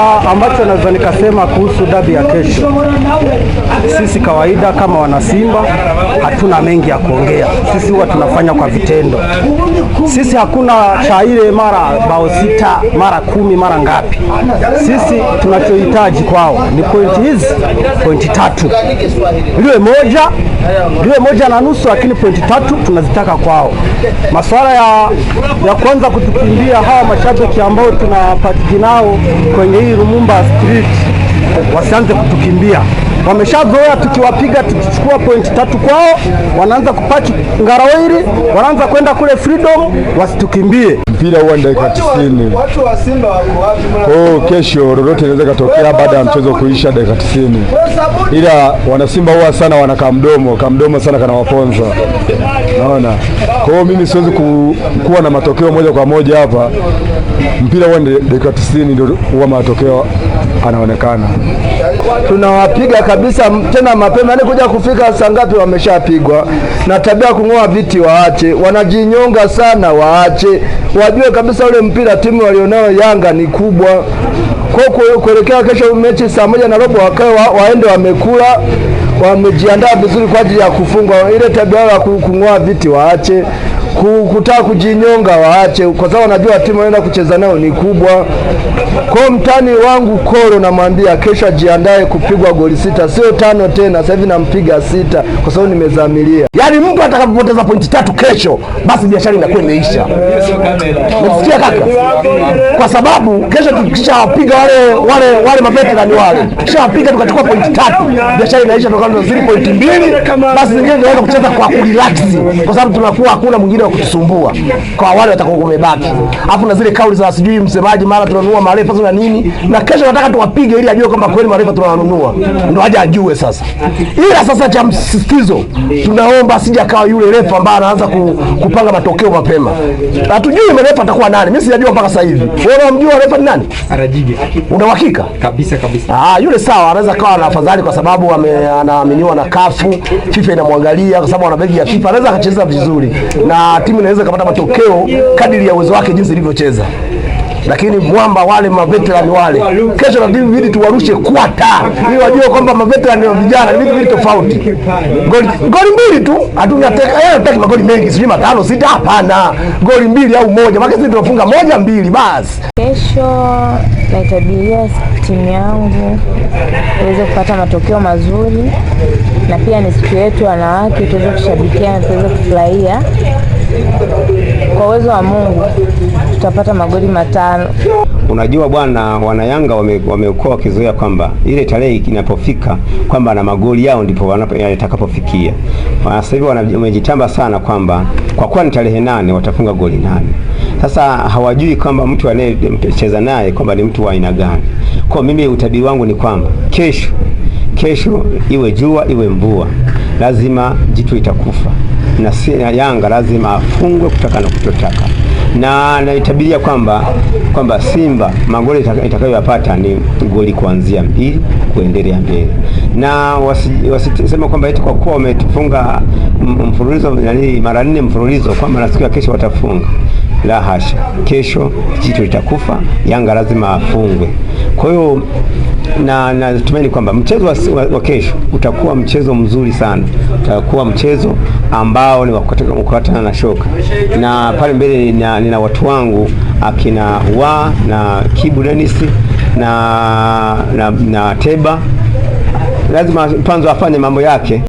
Aa, ah, ambacho naweza nikasema kuhusu dabi ya kesho, sisi kawaida kama wanasimba hatuna mengi ya kuongea. Sisi huwa tunafanya kwa vitendo. Sisi hakuna cha ile mara bao sita mara kumi mara ngapi. Sisi tunachohitaji kwao ni pointi hizi, pointi tatu, liwe moja ndiwe moja na nusu, lakini pointi tatu tunazitaka kwao. Masuala ya, ya kwanza kutukimbia hawa mashabiki ambao tunapatiki nao kwenye hii Lumumba Street wasianze kutukimbia wameshazoea tukiwapiga tukichukua pointi tatu kwao, wanaanza kupaki Ngarawiri, wanaanza kwenda kule Freedom, wasitukimbie mpira huwa ni dakika tisini. Oh, kesho lolote inaweza katokea baada ya mchezo kuisha dakika tisini, ila wanasimba huwa sana wana kamdomo kamdomo sana kanawaponza, naona. Kwa hiyo mimi siwezi ku, kuwa na matokeo moja kwa moja hapa. Mpira huwa ni dakika tisini ndio huwa matokeo anaonekana. Tunawapiga kabisa tena mapema, yani kuja kufika saa ngapi wameshapigwa. Na tabia kung'oa viti waache, wanajinyonga sana waache, wajue kabisa ule mpira timu walionayo Yanga ni kubwa. Kwa kuelekea kesho mechi saa moja na robo wakae wa, waende wamekula wamejiandaa vizuri kwa ajili ya kufungwa. Ile tabia ya kung'oa viti waache kutaka kujinyonga waache, kwa sababu anajua timu anaenda kucheza nayo ni kubwa. Kwa mtani wangu Koro namwambia kesho ajiandae kupigwa goli sita, sio tano tena. Sasa hivi nampiga sita kwa sababu nimezamilia. Yaani mtu atakapopoteza pointi tatu kesho, basi biashara inakuwa imeisha. Unasikia kaka? Kwa sababu kesho tukishawapiga wale wale wale maveterani wale, tukishawapiga tukachukua pointi tatu, biashara inaisha, tukana zili pointi mbili, basi zingine tunaweza kucheza kwa kurelax, kwa sababu tunakuwa hakuna mwingine wa kutusumbua kwa wale watakao kumebaki. hapo, na zile kauli za sijui msemaji mara tunanunua marefa na nini, na kesho nataka tuwapige ili ajue kwamba kweli marefa tunawanunua, ndio aje ajue sasa. Ila sasa cha msisitizo, tunaomba sija kawa yule refa ambaye anaanza ku, kupanga matokeo mapema. Hatujui marefa atakuwa nani, mimi sijajua mpaka sasa hivi. Wewe unamjua refa ni nani? Arajige. Una uhakika? Kabisa kabisa. Ah, yule sawa, anaweza kawa na afadhali kwa sababu anaaminiwa na kafu FIFA inamwangalia kwa sababu ana begi ya FIFA, anaweza akacheza vizuri na timu inaweza kupata matokeo kadiri ya uwezo wake jinsi ilivyocheza lakini mwamba wale maveterani wale, kesho vidi tuwarushe kwata ili wajue kwamba maveterani wa vijana ni vitu vili tofauti. Goli, goli mbili tu hatutaki magoli mengi, sijui matano sita, hapana, goli mbili au moja, maana sisi tunafunga moja mbili basi. Kesho naitabilia timu yangu iweze kupata matokeo mazuri na pia ni siku yetu wanawake, tuweze kushabikiana, tuweze kufurahia. Kwa uwezo wa Mungu tutapata magoli matano. Unajua bwana, wanayanga wamekuwa wame wakizoea kwamba ile tarehe inapofika kwamba na magoli yao ndipo yatakapofikia. Sasa hivi wamejitamba sana kwamba kwa kuwa ni tarehe nane watafunga goli nane. Sasa hawajui kwamba mtu anayecheza naye kwamba ni mtu wa aina gani. Kwa mimi utabiri wangu ni kwamba kesho kesho, iwe jua iwe mvua, lazima jitu itakufa na si, Yanga lazima afungwe kutaka na kutotaka, na naitabiria kwamba kwamba Simba magoli itakayoyapata ni goli kuanzia mbili kuendelea mbele, na wasisema wasi, kwamba eti kwa kuwa wametufunga mfululizo yani mara nne mfululizo kwamba na siku ya kesho watafunga. La hasha, kesho jitu litakufa, Yanga lazima afungwe. Kwa hiyo na natumaini kwamba mchezo wa, wa, wa kesho utakuwa mchezo mzuri sana, utakuwa mchezo ambao ni wakukatana na shoka, na pale mbele nina, nina watu wangu akina wa na Kibu Dennis na, na, na Teba, lazima panzo afanye mambo yake.